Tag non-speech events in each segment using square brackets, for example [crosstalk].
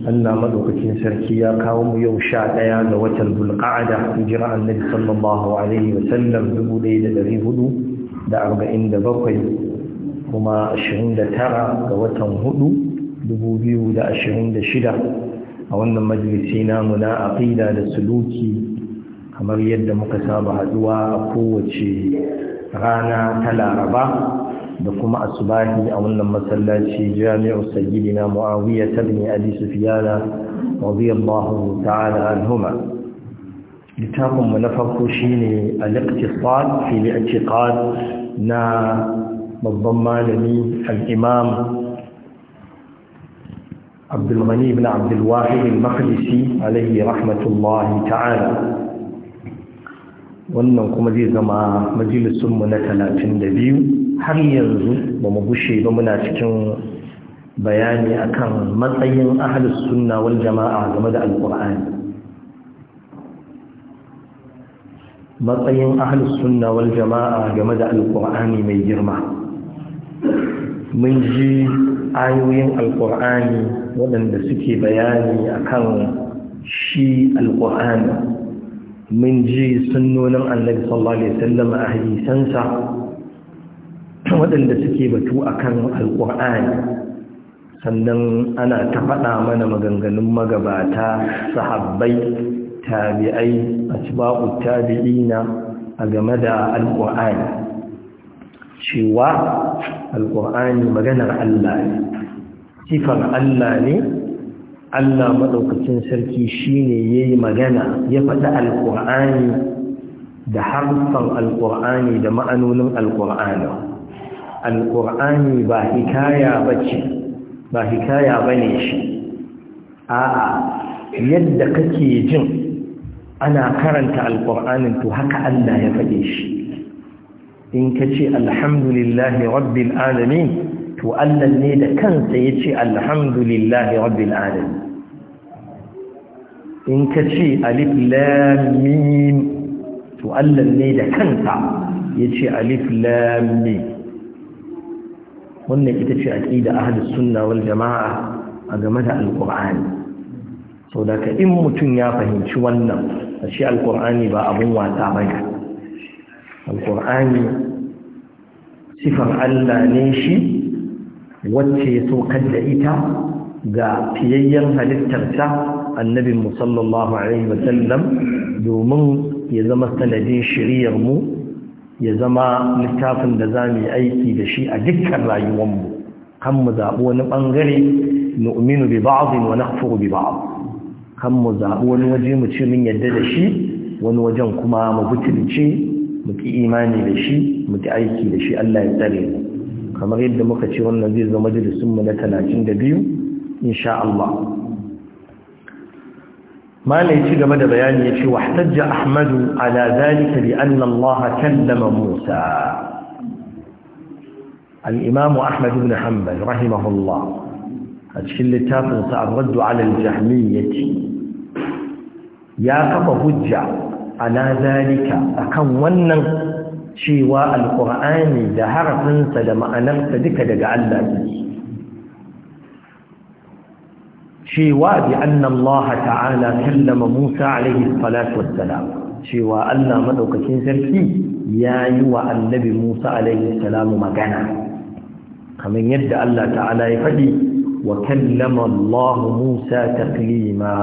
Allah madaukakin sarki ya kawo mu yau sha ɗaya ga watan Zulqa'ada hijira Annabi sallallahu alaihi wa sallam 1447 kuma 29 ga watan da shida a wannan majalisi namu na aqida da suluki kamar yadda muka saba haɗuwa a kowace rana ta Laraba da kuma asubahi a wannan masallaci jami'u sayyidina muawiya tabni abi sufyan radiyallahu ta'ala anhuma littafin mu na farko shine al-iqtisad fi al-i'tiqad na babban malami al-imam عبد الغني بن عبد الواحد المقدسي عليه رحمة الله تعالى wannan kuma zai zama majalisunmu na 32 har yanzu ba mu gushe ba muna cikin bayani akan matsayin ahlus sunna wal jama'a game da alqur'ani matsayin ahlus sunna wal jama'a game da alqur'ani mai girma mun ji ayoyin alqur'ani waɗanda suke bayani akan shi alqur'ani mun ji sunnonin annabi sallallahu alaihi wasallam a hadisansa waɗanda suke batu a kan alƙur'ani sannan ana ta faɗa mana maganganun magabata sahabbai tabi'ai a cibaku tabi'ina a game da alƙur'ani cewa alƙur'ani maganar Allah ne sifar Allah ne Allah maɗaukacin sarki shine ya yi magana ya faɗi alƙur'ani da harfan alƙur'ani da ma'anonin alƙur'ani alƙur'ani ba hikaya ba ce ba hikaya ba ne shi a'a yadda kake jin ana karanta alƙur'anin to haka allah ya faɗe shi in ka ce alhamdulillahi rabbil alamin to allah ne da kansa ya ce alhamdulillahi rabbil alamin in ka ce alif Lamin, to allah ne da kansa ya ce alif Lamin. wannan ita ce aƙida ahlus sunna wal jama'a a game da alqur'ani Sau da ka in mutum ya fahimci wannan shi alkur'ani ba abin wasa bane alkur'ani sifar Allah ne shi wacce ya saukar da ita ga fiyayyen halittarsa annabin mu alaihi wasallam domin ya zama sanadin shiriyar mu ya zama littafin da za mu yi aiki da shi a dukkan rayuwanmu kan mu zaɓi wani ɓangare nu'minu bi ba'dhin wa nakfuru bi ba'd kan mu zaɓi wani waje mu ce mun yadda da shi wani wajen kuma mu butulce mu ki imani da shi mu ki aiki da shi Allah ya tsare mu kamar yadda muka ce wannan zai zama majalisin mu na talatin da biyu insha Allah ما ليش جمع بيان يشي واحتج أحمد على ذلك بأن الله كلم موسى الإمام أحمد بن حنبل رحمه الله أتشل التافل سأرد على الجهمية يا كفى هجة على ذلك أكن ونن شيواء القرآن ده حرفنس ده معنى ذلك ده جعل ذلك cewa bi anna ta'ala kallama Musa alaihi salatu wassalam cewa Allah madaukakin sarki yayi wa annabi Musa alaihi salamu magana kamar yadda Allah ta'ala ya faɗi wa kallama Allah Musa taklima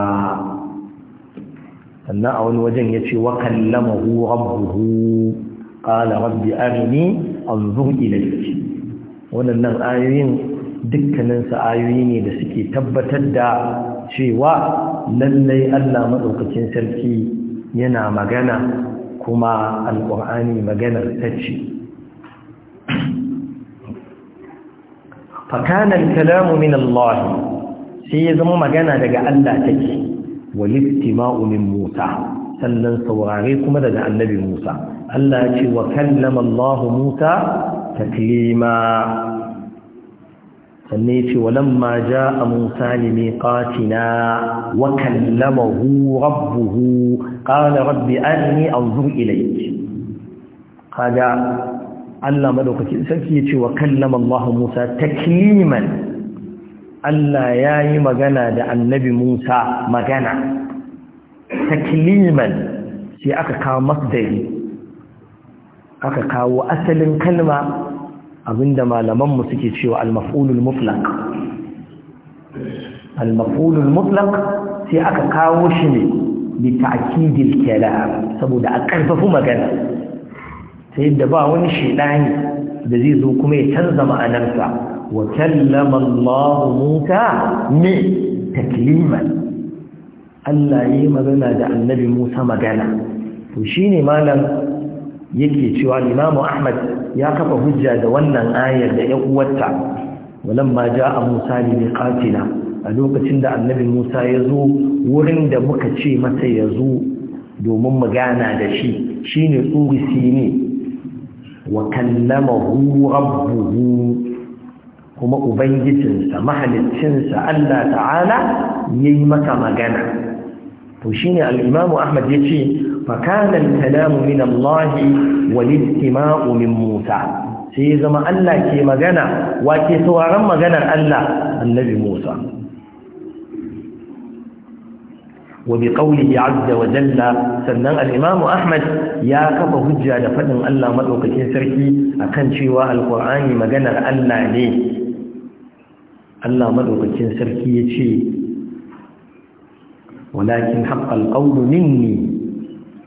sannan a wani wajen ya ce wa kallamahu rabbuhu qala rabbi arini anzur ilayk wannan ayoyin dukkanin ayoyi ne da suke tabbatar da cewa lallai Allah maɗaukacin sarki yana magana kuma alƙur'ani maganar ta ce fakanar kalamu min Allah sai ya zama magana daga Allah take Walifti maumin Musa sannan saurare kuma daga annabi Musa Allah ya ce wa kallama Allah Musa taklima sannan ya ce walamma a musa li miqatina wa rabbu hu qala rabbi anni anzur ilayk Kada Allah madaukaki sarki ya ce wa kallama Musa takliman Allah ya yi magana da annabi Musa magana takliman sai aka kawo masdari aka kawo asalin kalma abinda malamanmu suke cewa al-maf'ulul mutlaq al-maf'ulul mutlaq sai aka kawo shi ne bi ta'kidil kalam saboda a karfafu magana Sai yadda ba wani shedani da zai zo kuma ya canza ma'anarsa wa kallama Allah Musa ne takliman Allah yi magana da Annabi Musa magana to shine malam yake cewa Imam Ahmad ya kafa hujja da wannan ayar da ƴan uwarta walamma a Musa li qatina a lokacin da Annabi Musa ya zo wurin da muka ce masa ya zo domin mu gana da shi shine tsuri sine wa kallama rabbuhu kuma ubangijinsa mahaliccinsa Allah ta'ala yayi maka magana to shine al-Imam Ahmad yace فكان الكلام من الله والاستماع من موسى sai zama Allah ke magana wake sauran maganar Allah annabi Musa wa bi ya azza wa jalla sannan Al'imamu Ahmad ya kafa hujja da faɗin Allah madaukakin sarki akan cewa al maganar Allah ne Allah madaukakin sarki yace walakin haqqal qawlu minni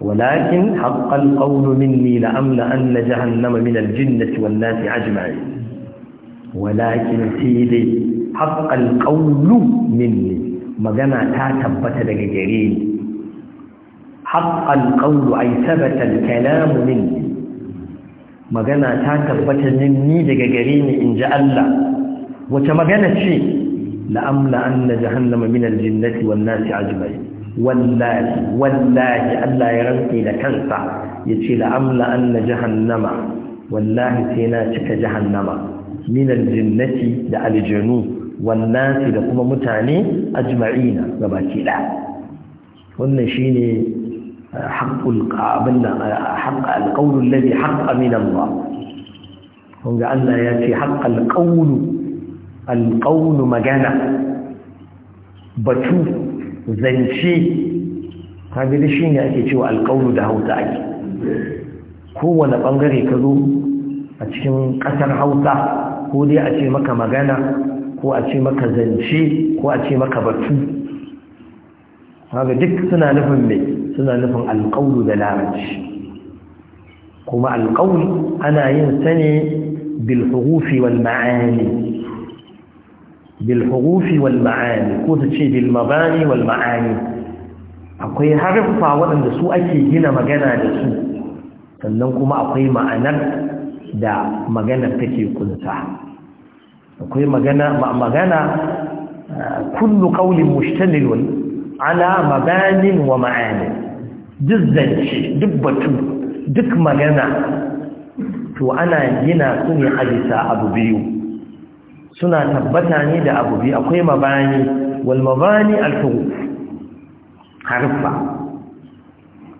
ولكن حق القول مني لأملأن جهنم من الجنة والناس أجمعين ولكن سيدي حق القول مني مجمع تثبت لجريني حق القول أي ثبت الكلام مني مجمع تثبت مني لجريني إن جاء الله وتمجنت شيء لأملأن جهنم من الجنة والناس أجمعين wallahi wallahi Allah ya rantse da kansa ya ce la'amla an jahannama wallahi sai na cika jahannama minan jinnati da aljanu wannasi da kuma mutane ajma'ina gabaki ɗaya wannan shine eh, haqqul qabil eh, haqq alqawl alladhi haqqa min Allah kunga Allah ya ce haqqal qawl alqawl magana batu zance kaga shi ne ake cewa alƙawlu da hausa ake kowane ɓangare ka zo a cikin ƙasar hausa ko dai a ce maka magana ko a ce maka zance ko a ce maka batu duk suna nufin mai suna nufin alƙawlu da larabci kuma alƙawlu ana yin sani bil hurufi wal ma'ani بالحروف walma'ani ko ta ce bil magani wal akwai harifa waɗanda su ake gina magana da su sannan kuma akwai ma'anar da maganar take kunta akwai magana eh, kullu qawlin mushtamilun ala mabanin wa ma'ani zance, duk batu duk magana to ana gina su ne a bisa abu biyu suna tabbata ne da abu biyu akwai mabani wal mabani al Haruffa.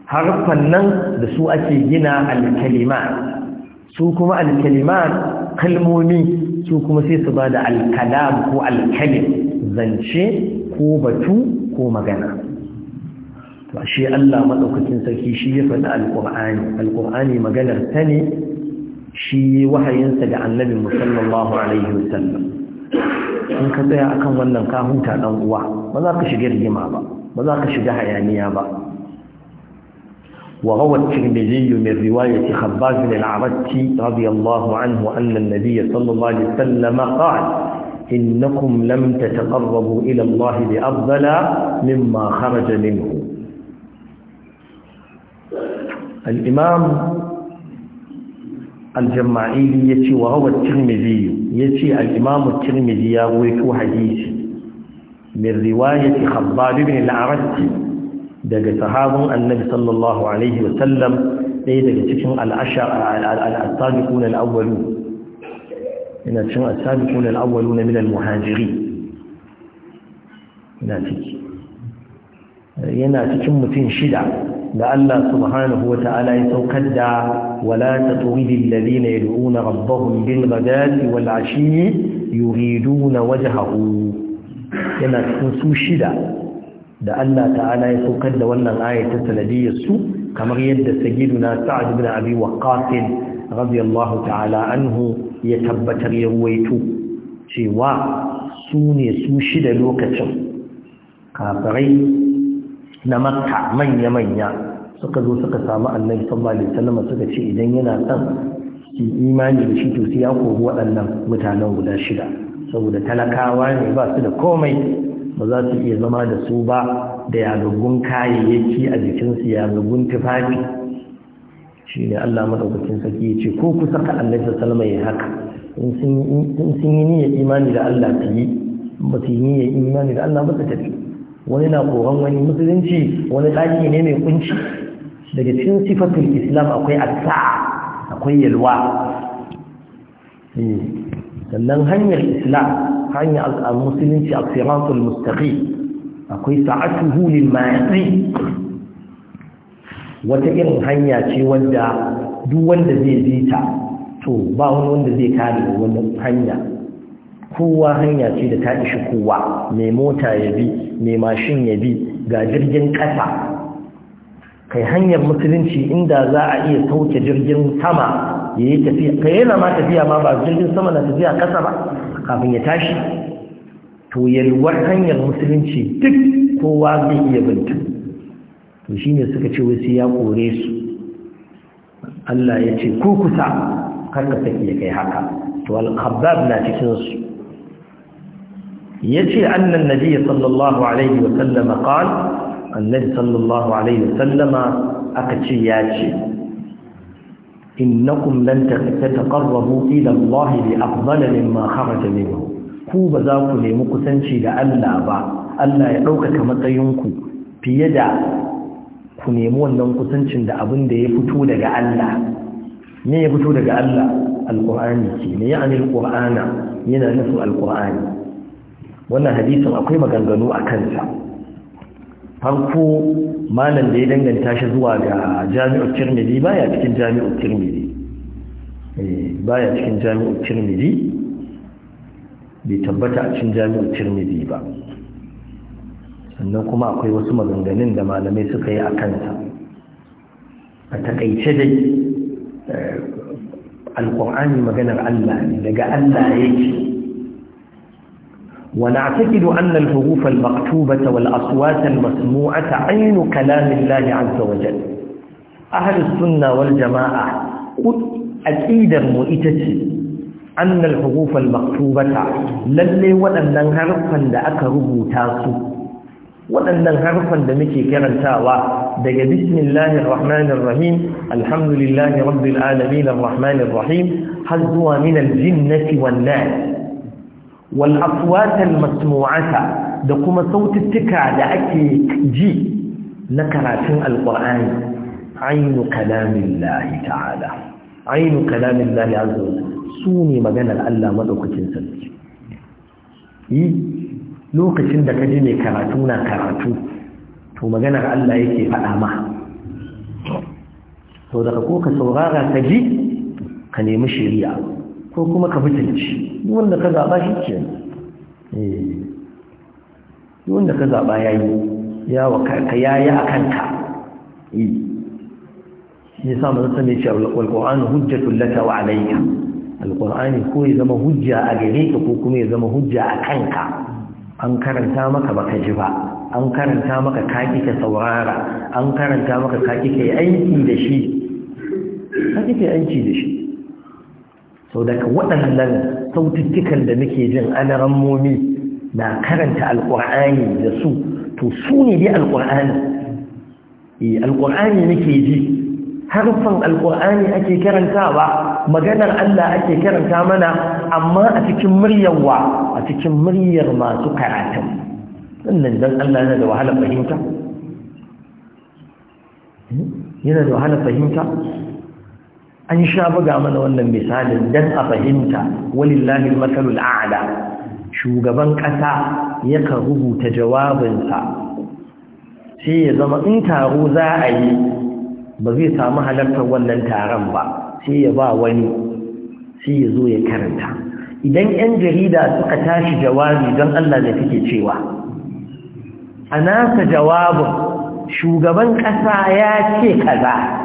Haruffan nan da su ake gina al-kalimat su kuma al-kalimat kalmomi su kuma sai su bada al-kalam ko al-kalim zance ko batu ko magana to shi Allah madaukakin sarki shi ya faɗi al-Qur'ani al-Qur'ani maganar ta ne shi wahayinsa da annabi musallallahu alaihi wasallam in ka tsaya akan wannan ka huta dan uwa ba za ka shiga rigima ba ba za ka shiga hayaniya ba وروى الترمذي من رواية خباز العبدي رضي الله عنه أن النبي صلى الله عليه وسلم قال إنكم لم تتقربوا إلى الله بأفضل مما خرج منه الإمام al ya ce wa huwa tirmidhi ya al-imam at-tirmidhi ya rawaito hadisi min riwayati khabbab ibn al-arat daga sahabun annabi sallallahu alaihi wa sallam dai daga cikin al-ashar al-sabiqun al-awwalun ina cikin al-sabiqun al-awwalun min al-muhajirin ina ciki yana cikin mutum shida da Allah subhanahu wa ta'ala ya saukar da wala tatrudil ladina yad'una wala shi ne wal ashi waje wajhahu yana cikin su shida da Allah ta'ala ya saukar da wannan ayata sanadiyyarsu su kamar yadda sayyiduna sa'ad ibn abi waqqas radiyallahu ta'ala anhu ya tabbatar ya ruwaito cewa su ne su shida lokacin kafirai na makka manya-manya suka zo suka samu annabi sallallahu alaihi wasallam suka ce idan yana son ki imani da shi to sai ya kori waɗannan mutanen guda shida saboda talakawa ne ba su da komai ba za su iya zama da su ba da yagagun kayayyaki a jikinsu yagagun tufafi shi ne Allah maɗaukacin sarki ya ce ko kusa ka annabi sallallahu alaihi wasallam ya haka in sun yi niyyar imani da Allah ta yi ba su yi niyyar imani da Allah ba su tafi wani na koran wani musulunci wani ɗaki ne mai kunci daga cikin sifatun islam akwai asa akwai yalwa eh, sannan hanyar islam hanyar al-musulunci a siratul mustaqim akwai sa'atuhu lil ma'asi wata irin hanya ce wanda duk wanda zai zita, to ba wani wanda zai kare wannan hanya kowa hanya ce da ta ishi kowa mai mota ya bi mai mashin ya bi ga jirgin ƙasa kai hanyar musulunci inda za a iya sauke jirgin sama ya yi tafiya kai yana ma tafiya ma ba jirgin sama na tafiya ƙasa ba kafin ya tashi to yalwar hanyar musulunci duk kowa zai iya binta to ne suka ce wasu ya kore su Allah ya ce ku kusa kar ka ya kai haka to al-khabbab na cikin su yace annan nabi sallallahu alaihi wa sallama qal annabi sallallahu alaihi wa sallama aka ce ya ce innakum lan tataqarrabu ila Allah bi afdal mimma kharaja minhu ku ba za ku nemi kusanci da Allah ba Allah ya ɗaukaka matsayinku fiye da ku nemi wannan kusancin da abin da ya fito daga Allah ne ya fito daga Allah alƙur'ani ce ne ya anil yana nufin alƙur'ani wannan hadisin akwai maganganu a kansa farko malam da ya danganta shi zuwa ga jami'ar tirmidhi baya cikin jami'ar tirmidhi eh, baya cikin jami'ar tirmidhi bai tabbata a cikin jami'ar tirmidhi ba sannan kuma akwai wasu maganganun da malamai suka yi a kansa a takaice dai eh, alƙur'ani maganar Allah ne daga Allah yake ونعتقد أن الحروف المكتوبة والأصوات المسموعة عين كلام الله عز وجل أهل السنة والجماعة أكيد مؤتتي أن الحروف المكتوبة للي ولن نهرفا لأكره تاسو waɗannan harfan da muke karantawa daga bismillah ar-rahman ar-rahim alhamdulillah rabbil alamin ar-rahman rahim har zuwa min al-jinnati wan-nas wal aswatal masmu'ata da kuma saututtuka da ake ji na karatun alqur'ani aynu kalamillahi ta'ala aynu kalamillahi sune maganar Allah madaukakin sarki yi lokacin da ji ne karatu na karatu to maganar Allah yake faɗa ma to daga ko ka saurara ka ji ka nemi shari'a ko kuma ka mutunci wanda ka zaɓa shi ke eh wanda ka zaɓa ya yi yawa ka yayi a kanka eh. ya sa mu zata mai ce alƙur'ani hujjatun laka wa alayka alƙur'ani ko ya zama hujja a gare ka ko kuma ya zama hujja a kanka an karanta maka baka ji ba an karanta maka kaki ka saurara an karanta maka kaki ka yi aiki da shi kaki ka yi aiki da shi sau daga waɗannan saututtukan da muke jin ana rammomi na karanta alƙur'ani da su to su ne dai alƙur'ani eh, alƙur'ani nake ji harfan alƙur'ani ake karantawa maganar Allah ake karanta mana amma a cikin muryarwa a cikin muryar masu karatun wannan dan Allah yana da wahalar fahimta hmm? yana da wahalar fahimta an sha buga mana wannan misalin dan a fahimta walillahi masalul a'la shugaban ƙasa yakan rubuta jawabinsa sai ya zama in taro za a yi ba zai samu halartar wannan taron ba sai ya ba wani sai ya zo ya karanta idan 'yan jarida suka tashi jawabi don Allah da take cewa a nasa jawabin shugaban ƙasa ya ce kaza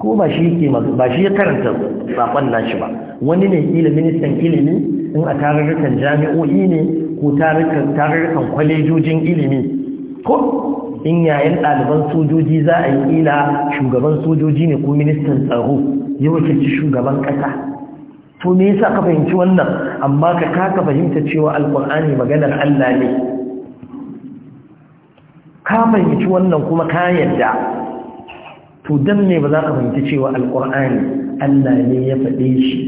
ko ba shi ke ba shi ya karanta sakon nashi ba wani ne kila ministan ilimi in a tarurrukan jami'o'i ne ko tarurrukan kwalejojin ilimi ko in yayin ɗaliban sojoji za a yi ila shugaban sojoji ne ko ministan tsaro ya wakilci shugaban ƙasa to me yasa ka fahimci wannan amma ka kaka fahimta cewa alkur'ani maganar Allah ne ka fahimci wannan kuma ka yarda. to dan ne ba za ka fahimci cewa alqur'ani Allah ne ya faɗe shi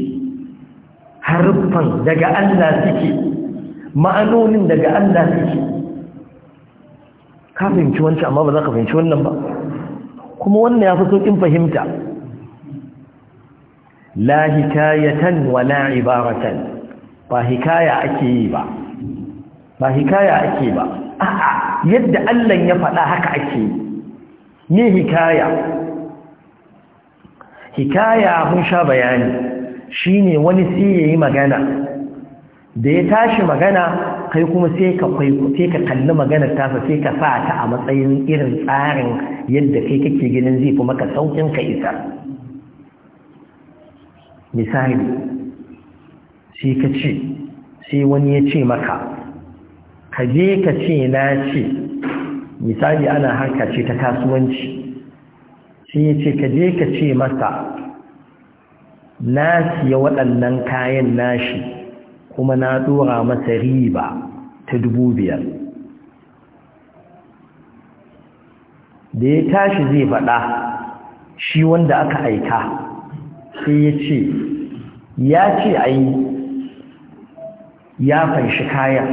harfan daga Allah suke ma'anonin daga Allah suke ka fahimci wancan amma ba za ka fahimci wannan ba kuma wannan ya fi sauƙin fahimta la hikayatan wa la ibaratan ba hikaya ake yi ba ba hikaya ake ba a'a yadda Allah ya faɗa haka ake yi ne hikaya hikaya mun sha bayani shine wani sai yayi magana da ya tashi magana kai kuma sai ka sai ka kalli maganar tasa sai ka sa ta a matsayin irin tsarin yadda kai kake ginin zai fi maka saukin ka isa misali sai ka ce sai wani ya ce maka ka je ka ce na ce misali ana harka ce ta kasuwanci sai ya ce ka je ka ce masa na siya waɗannan kayan nashi kuma na ɗora masa riba ta dubu biyar da ya tashi zai faɗa shi wanda aka aika sai ya ce ya ce a yi ya fanshi kayan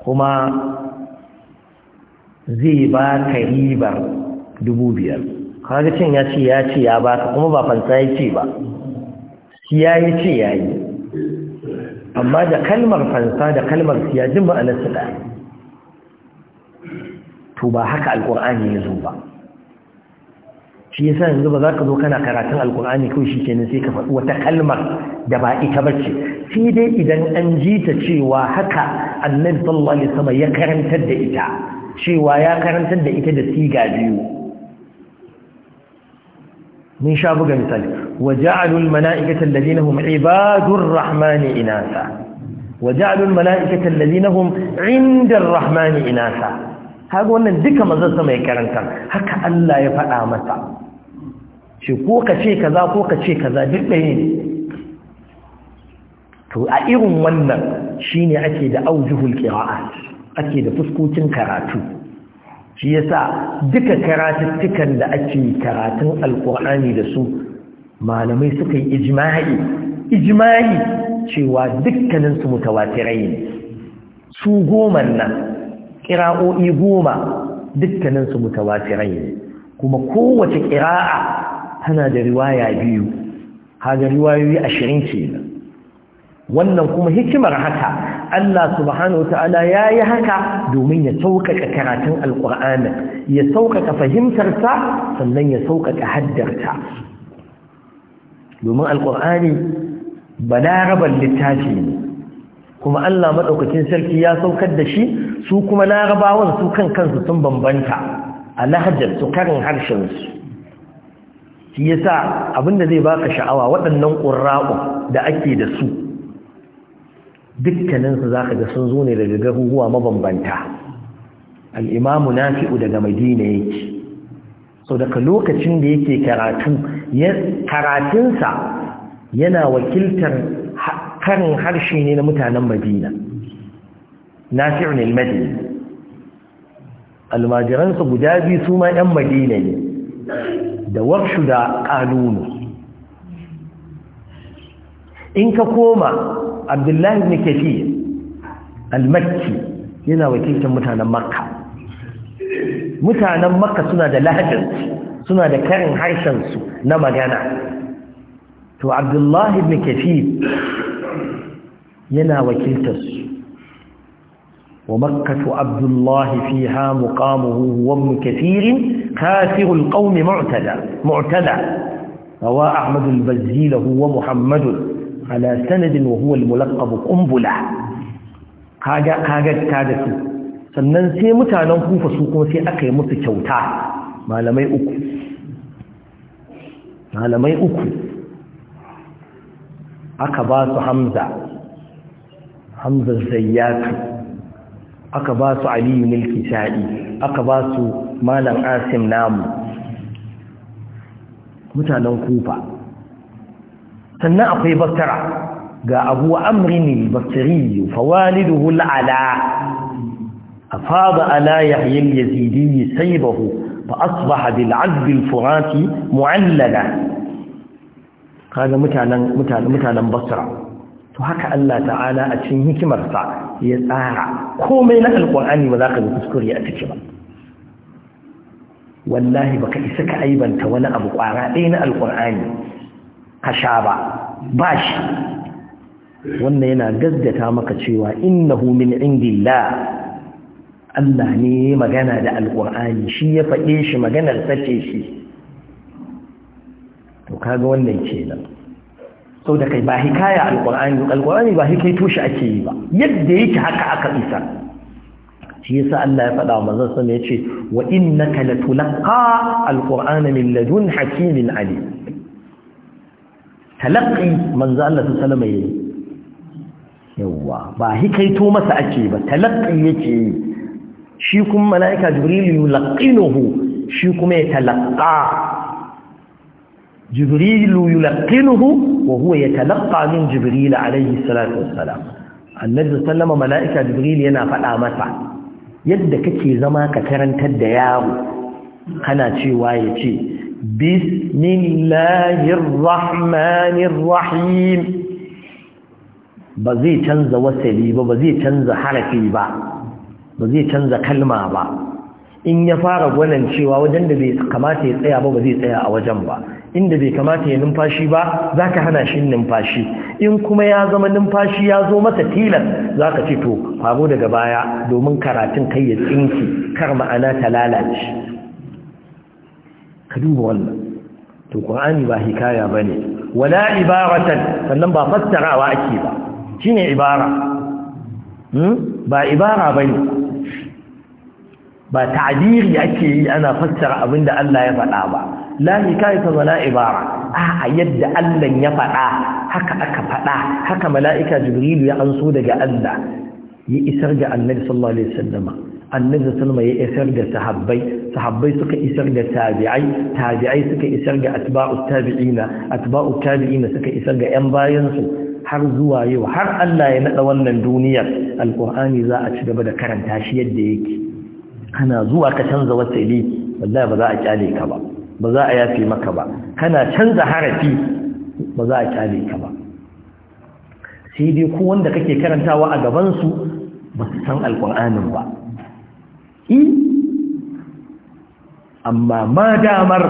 kuma zai ba ka ribar dubu biyar kaga cin ya ce ya ce ya baka kuma ba fansa ya ce ba siya ya ce ya yi amma da kalmar fansa da kalmar siya jin ma'anar su ɗaya to ba haka alƙur'ani ya zo ba shi yasa yanzu ba za ka zo kana karatun alkur'ani kawai shi kenan sai ka faɗi wata kalmar da ba ita ba ce sai dai idan an ji ta cewa haka annabi sallallahu alaihi wasallam ya karantar da ita cewa ya karantar da ita da siga biyu mun sha buga misali وجعلوا الملائكة الذين هم عباد الرحمن إناثا وجعلوا الملائكة الذين hum عند الرحمن inasa. هذا wannan duka mazan sa mai karanta haka Allah ya faɗa masa shi ko ka ce kaza ko ka ce kaza duk ɗaya ne to a irin wannan shine ake da aujuhul qira'at ake da fuskokin karatu shi yasa duka karatuttukan da ake karatun alkur'ani da su malamai suka yi ijma'i ijma'i cewa dukkaninsu mutawatirai su goma nan ƙira'o'i goma dukkaninsu mutawatirai ne kuma kowace ƙira'a tana da riwaya biyu haga riwayoyi ashirin kenan wannan kuma hikimar haka Allah subhanahu ta'ala ya yi haka domin ya sauƙaƙa karatun alƙur'ani ya sauƙaƙa fahimtarsa sannan ya sauƙaƙa haddarta domin alƙur'ani ba larabar littafi ne kuma Allah maɗaukacin sarki ya saukar da shi su kuma larabawan su kan kansu sun bambanta a lahajar su karin harshensu shi yasa abinda zai baka sha'awa waɗannan ƙura'u da ake da su dukkaninsu za ka ga sun zo ne daga garuruwa mabambanta al'imamu na fi'u daga madina yake so daga lokacin da yake karatu karatunsa yana wakiltar karin harshe ne na mutanen madina na fi'u ne madina almajiransa guda biyu su ma 'yan madina ne da warshu da ƙalunu in ka koma عبد الله بن كثير المكي هنا وكيف متانا مكة متانا مكة سنة لهجة سنة كرن حيشن نما جانا تو عبد الله بن كثير هنا وكيف ومكة عبد الله فيها مقامه هو ابن كثير كافر القوم معتدى معتدى رواه أحمد البزيل هو محمد على sanadin وهو الملقب قنبلة كاجا كاجا kaga kaga su sannan sai mutanen kufa su kuma sai aka yi musu kyauta malamai uku malamai uku aka ba su hamza hamza zayyatu aka ba su aliyu milki sha'i aka ba su malam asim namu mutanen kufa sannan akwai baktara ga abu amrini baktari fawaliduhu al'ala afada ala yahya al-yazidi saybahu fa asbaha bil 'azb al-furati mu'allala kaga mutanen mutanen mutanen to haka Allah ta'ala a cikin hikimarsa ya tsara komai na Alƙur'ani ba za ka kuskure a ciki ba wallahi baka isa ka aibanta wani abu kwara ɗaya na alqur'ani ka sha ba ba shi wannan yana gaggata maka cewa innahu min indillah Allah ne magana da alƙur'ani shi ya faɗe shi maganar sace shi to kaga wannan kenan sau da kai ba hikaya alƙur'ani alƙur'ani ba hikai toshe ake yi ba yadda yake haka aka isa shi yasa Allah ya faɗa wa manzon sa ne yace wa innaka latulqa alqur'ana min ladun hakimin alim talaqqi manzo Allah sallallahu alaihi wasallam yawa ba hikaito masa ake ba talaqqi yake shi kuma malaika jibril yulqinuhu shi kuma ya talaqqa jibril yulqinuhu wa huwa yatalaqqa min jibril alaihi salatu wassalam annabi sallama malaika jibril yana faɗa masa yadda kake zama ka karantar da yaro kana cewa yace بسم الله الرحمن الرحيم بزي تنزى وسلي بزي harafi ba, با بزي تنزى كلمة با in ya fara gwanan cewa wajen da bai kamata ya tsaya ba ba zai tsaya a wajen ba inda bai kamata ya numfashi ba za ka hana shi numfashi in kuma ya zama numfashi ya zo masa tilas za ka ce to faru daga baya domin karatun kai ya tsinki kar ma'ana ta lalace ka duba wannan to qur'ani ba hikaya bane wala ibaratan sannan ba fassarawa ake ba shine ibara hmm ba ibara bane ba ta'biri ake yi ana fassara abinda Allah ya faɗa ba la hikayata wala ibara a yadda Allah ya faɗa haka aka faɗa haka mala'ika Jibril ya anso daga Allah ya isar ga annabi sallallahu alaihi wasallama annabi sallama ya isar da sahabbai sahabbai suka isar da tabi'ai tabi'ai suka isar da atba'u tabi'ina atba'u tabi'ina suka isar da yan bayan su har zuwa yau har Allah ya nada wannan duniyar alqur'ani za a ci gaba da karanta shi yadda yake kana zuwa ka canza wasali wallahi ba za a kyale ka ba ba za a yafe maka ba kana canza harafi ba za a kyale ka ba sai dai ku wanda kake karantawa a gaban su ba su san alqur'anin ba amma ma damar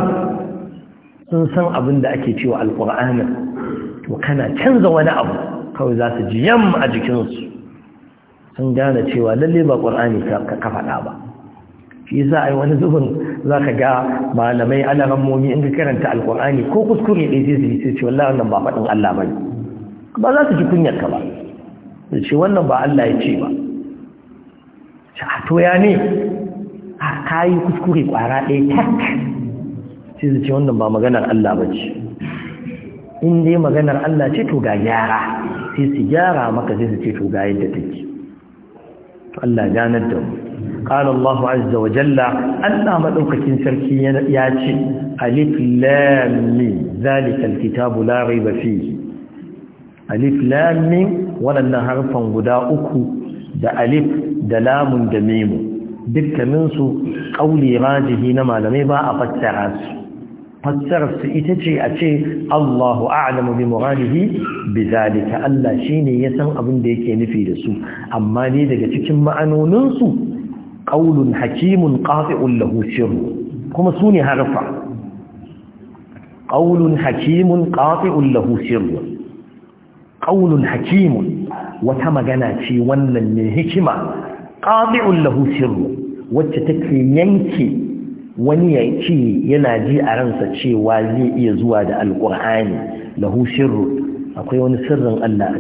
sun san abin da ake cewa alƙur'anin to kana canza wani abu kawai za su ji yam a jikinsu sun gane cewa lalle ba ƙur'ani ka faɗa ba shi za a yi wani zubin za ka ga malamai ana ramomi in ka karanta alƙur'ani ko kuskure ɗaya zai zai ce wallah wannan ba faɗin Allah ba ne ba za su ji kunyar ba ce wannan ba Allah ya ce ba a to ya ne a kayi kuskure kwara ɗaya tak sai su ce wannan ba maganar Allah ba ce in dai maganar Allah ce to ga gyara sai su gyara maka sai su ce to ga yadda take Allah ganar da mu قال الله عز وجل أن مدوكتين سركيا ياتي ألف لام ذلك الكتاب لا ريب فيه ألف لام ولن harfan guda uku. da alif da lamun da memu dukkaninsu ƙauli rajihi na malamai ba a fassara su fassara su ita ce a ce Allahu a'lamu bi muradihi bi zalika Allah shine ya san abin da yake nufi da su amma ne daga cikin ma'anonin su qaulun hakimun qati'un lahu sirru kuma su ne harfa qaulun hakimun qati'un lahu sirru qaulun hakimun wata magana ce wannan mai hikima Ƙafi'un lahu sirru wacce take yanke wani ya ce yana ji a ransa cewa zai iya zuwa da Alƙur'ani. lahu sirru akwai wani sirrin Allah a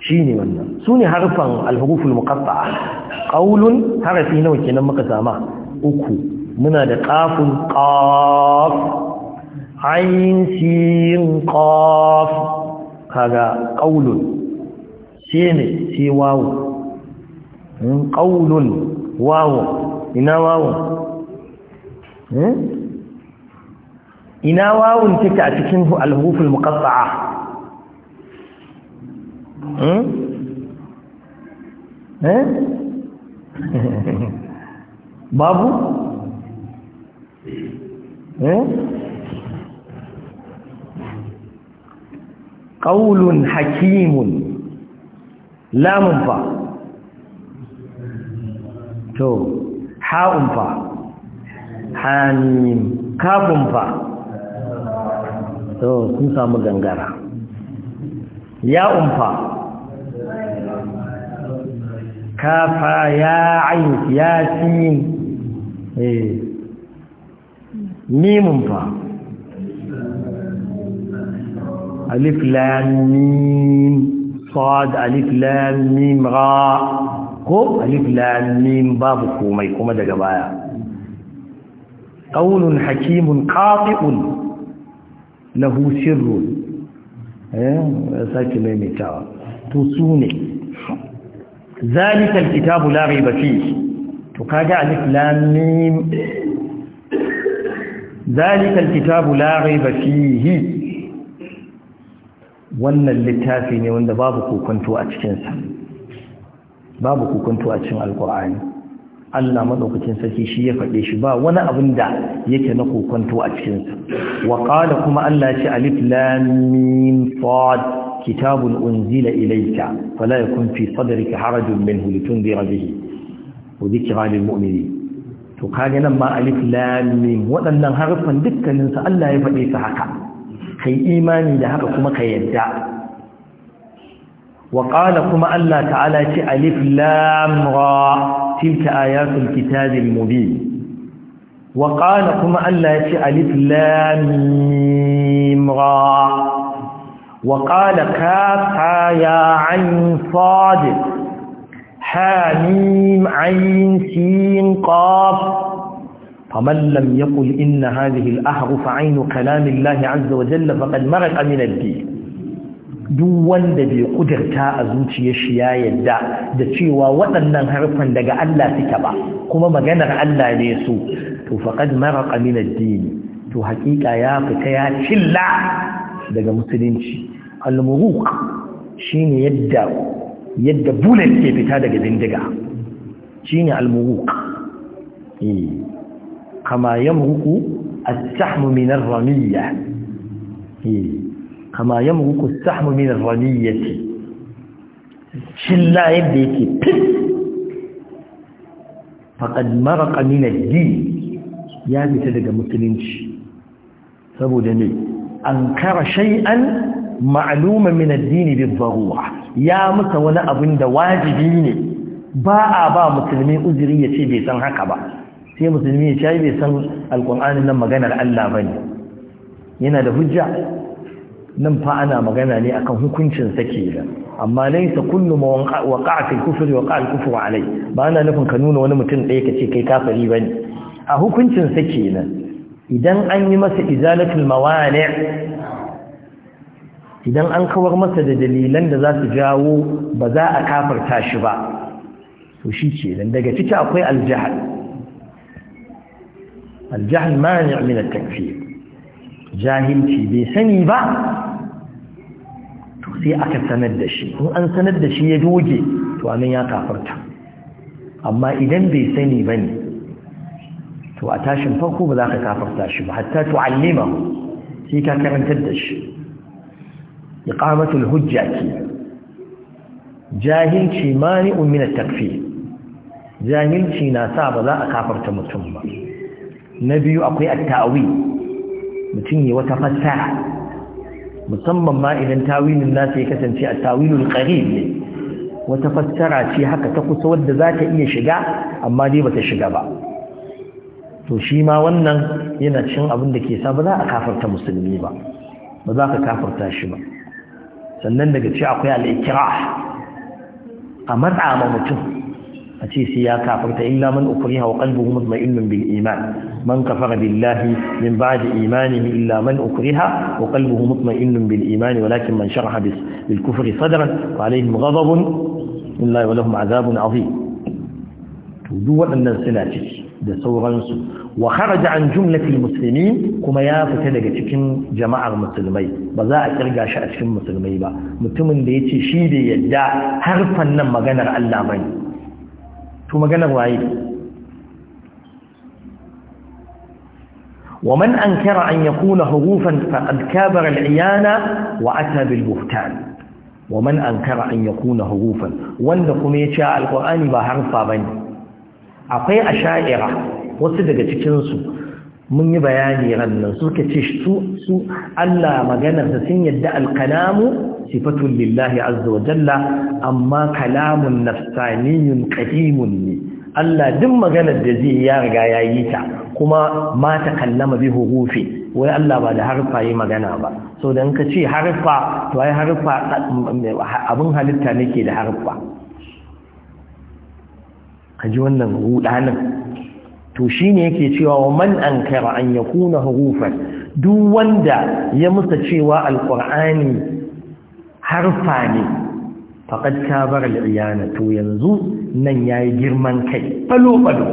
ciki ne wannan ne harfan al-huruful muqatta'a harafi nawa kenan muka sama uku muna da ƙafin qaf ayin sin qaf kaga qaulun shine shi wawu in hmm, qaulun wawu ina wawu hmm? ina wawun take a cikin al-huruful muqatta'a hmm? eh [laughs] babu eh ƙaulun hakimun lamun fa to ha'un fa hamim kafin fa to sun samu gangara ya'un fa kafa ya ayin ya siyin eh. mimun fa ألف لام ميم صاد ألف لام ميم غاء كو ألف لام ميم باب كومي كوما دا جبايا قول حكيم قاطع له سر إيه، ساكي ميمي تاوى تسوني ذلك الكتاب لا ريب فيه تقاجع ألف لام ميم ذلك الكتاب لا ريب فيه wannan littafi ne wanda babu kokonto a cikinsa babu a cikin alkur'ani Allah maɗaukacin sarki shi ya faɗe shi ba wani abin da yake na kokonto a cikinsa wa qala kuma Allah ce alif lam fad kitabun unzila ilayka fala yakun fi sadrika harajun minhu litundira bihi wa lil mu'minin to kage nan ma alif lam waɗannan harfan dukkaninsu Allah ya faɗe su haka kai imani da haka kuma ka yadda وقال كما الله تعالى ألف لام را تلك آيات الكتاب المبين وقال كما الله ألف لام را وقال كاف يا عين صاد حاميم عين سين قاف فمن لم يقل إن هذه الأحرف عين كلام الله عز وجل فقد مرق من الدين duk wanda bai kudurta a zuciyar shi ya yadda da cewa waɗannan harfan daga Allah suke ba kuma maganar Allah ne su to faqad maraqa min ad-din to haƙiƙa ya fita ya cilla daga musulunci al-muruq shine yadda yadda bullet ke fita daga bindiga shine al-muruq eh kama yamruku as-sahmu min ar-ramiyya kama yamruku as-sahmu min ar shilla yake fit faqad maraqa min ad-din ya fita daga musulunci saboda ne an kara shay'an ma'luma min ad-din bi ya musa wani abin da wajibi ne ba a ba musulmi uzuri ya ce bai san haka ba sai musulmi ya shayi bai san alƙur'anin nan maganar Allah ba ne yana da hujja nan fa ana magana ne akan hukuncin sake da amma laisa kullu ma waqa'a fil kufri waqa'a al kufru alai ba ana nufin ka nuna wani mutum ɗaya ce kai kafiri ne. a hukuncin sake nan idan an yi masa izalatul mawani idan an kawar masa da dalilan da za su jawo ba za a kafarta shi ba to shi ce daga ciki akwai aljahal الجهل مانع من التكفير جاهل في بيسني با تخسي أكا سند الشيء وأن سند الشيء يدوجي تؤمن يا كافرت أما إذن بيسني بني تؤتاشن فوقه بذاك كافرتاش حتى تعلمه سيكا كرن تدش إقامة الهجة جاهل في مانع من التكفير جاهل في ناسا بذاك كافرت متهمة na biyu akwai attawi mutum ya wata fassara musamman ma idan tawilin nasa ya kasance a tawilin qarib ne wata fassara ce haka ta kusa wadda za ta iya shiga amma dai bata shiga ba to shi ma wannan yana cin abin da ke sa ba za a kafarta musulmi ba ba za ka kafarta shi ba sannan daga ce akwai al'ikira a matsa ma mutum a ce sai ya kafarta illa man ukriha wa qalbuhu mutma'innun bil iman man kafara billahi min ba'di imanihi illa man ukriha wa qalbuhu mutma'innun bil iman walakin man sharaha bil kufri sadran fa alaihim ghadabun illa wa lahum azabun azim to duk waɗannan suna ciki da sauransu wa kharaja an jumlatil muslimin kuma ya fita daga cikin jama'ar musulmai ba za a kirga shi a cikin musulmai ba mutumin da yace shi da yadda harfan nan maganar Allah bane to maganar waye ومن أنكر أن يكون حروفا فقد كابر العيانة وأتى بالبهتان ومن أنكر أن يكون حروفا وندقم يشاء القرآن بحرفا بني أقي أشائرة وصدق تكنسو mun yi bayani rannan suka ce su Allah maganarsa sun yadda alkalamu sifatun lillahi azza wa jalla amma kalamun nafsaniyun qadimun ne Allah duk maganar da zai ya riga ya yi ta kuma ma ta kallama bi hurufi wai Allah ba da harfa yi magana ba so dan ka ce harfa to ai harfa abin halitta nake da harfa kaji wannan rudanin to shine yake cewa wa man ankara an yakuna hurufan duk wanda ya musa cewa alqur'ani harfa ne faƙad ta bar al'iyana to yanzu nan ya yi girman kai ɓalo-ɓalo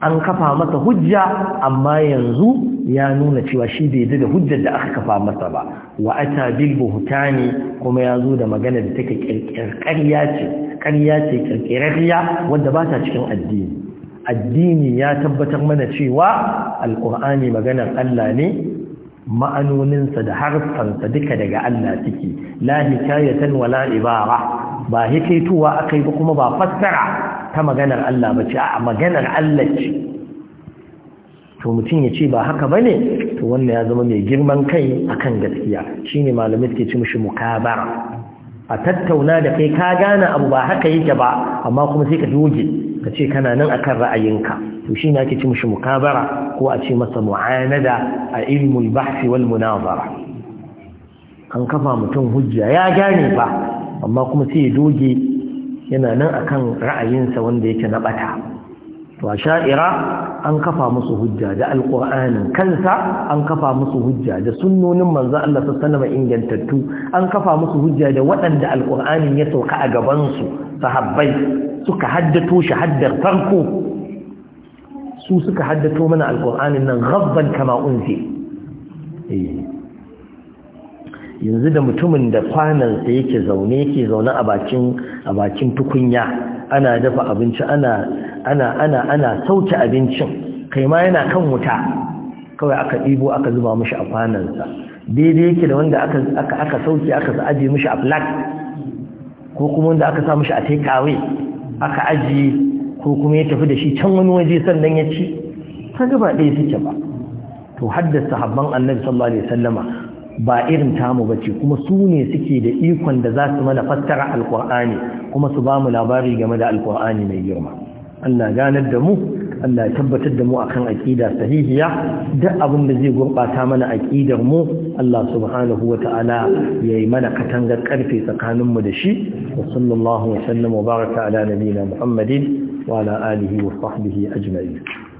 an kafa masa hujja amma yanzu ya nuna cewa shi bai yi da hujjar da aka kafa masa ba wa ata bil ne kuma ya zo da magana da take kirkirkariya ce ƙarya ce wanda ba ta cikin addini addini ya tabbatar mana cewa alƙur'ani maganar Allah ne ma'anoninsa da harfansa duka daga Allah suke la hikayatan wala ibara ba hikaituwa akai ba kuma ba fassara ta maganar Allah ba ce a maganar Allah ce to mutum ya ce ba haka ba ne to wannan ya zama mai girman kai akan gaskiya shine malamai suke ci mushi mukabara a tattauna da kai ka gane abu ba haka yake ba amma kuma sai ka doge ka ce kana nan akan ra'ayinka to shi ne ake ci mushi mukabara ko a ce masa mu'anada a ilmul bahsi wal munazara an kafa mutum hujja ya gane ba amma kuma sai ya doge yana nan akan ra'ayinsa wanda yake na bata to a sha'ira an kafa musu hujja da alƙur'anin kansa an kafa musu hujja da sunnonin manzo Allah sallallahu ingantattu an kafa musu hujja da waɗanda alƙur'anin ya sauka a gabansu sahabbai suka haddato shi haddar farko su suka haddato mana alƙur'anin nan rabban kama unzi eh. yanzu da mutumin da kwanansa yake zaune yake zaune a bakin a bakin tukunya ana dafa abinci ana ana ana ana sauke abincin kai ma yana kan wuta kawai aka ɗibo aka zuba mishi a kwanansa daidai yake da wanda aka aka aka sauke aka aje mishi a flat ko kuma wanda aka sa mishi a takeaway aka aje ko kuma ya tafi da shi can wani waje sannan ya ci kaga ba ɗaya suke ba to haddasa habban annabi sallallahu alaihi wasallama ba irin tamu bace kuma su ne suke da ikon da za su mana fassara alkur'ani kuma su ba mu labari game da alkur'ani mai girma Allah ganar da mu Allah tabbatar da mu akan aqida sahihiya duk abin da zai gurbata mana aqidar mu Allah subhanahu wata'ala yayi mana katangar karfe tsakanin mu da shi wa sallallahu wa sallama wa baraka ala nabiyina Muhammadin wa ala alihi wa sahbihi ajma'in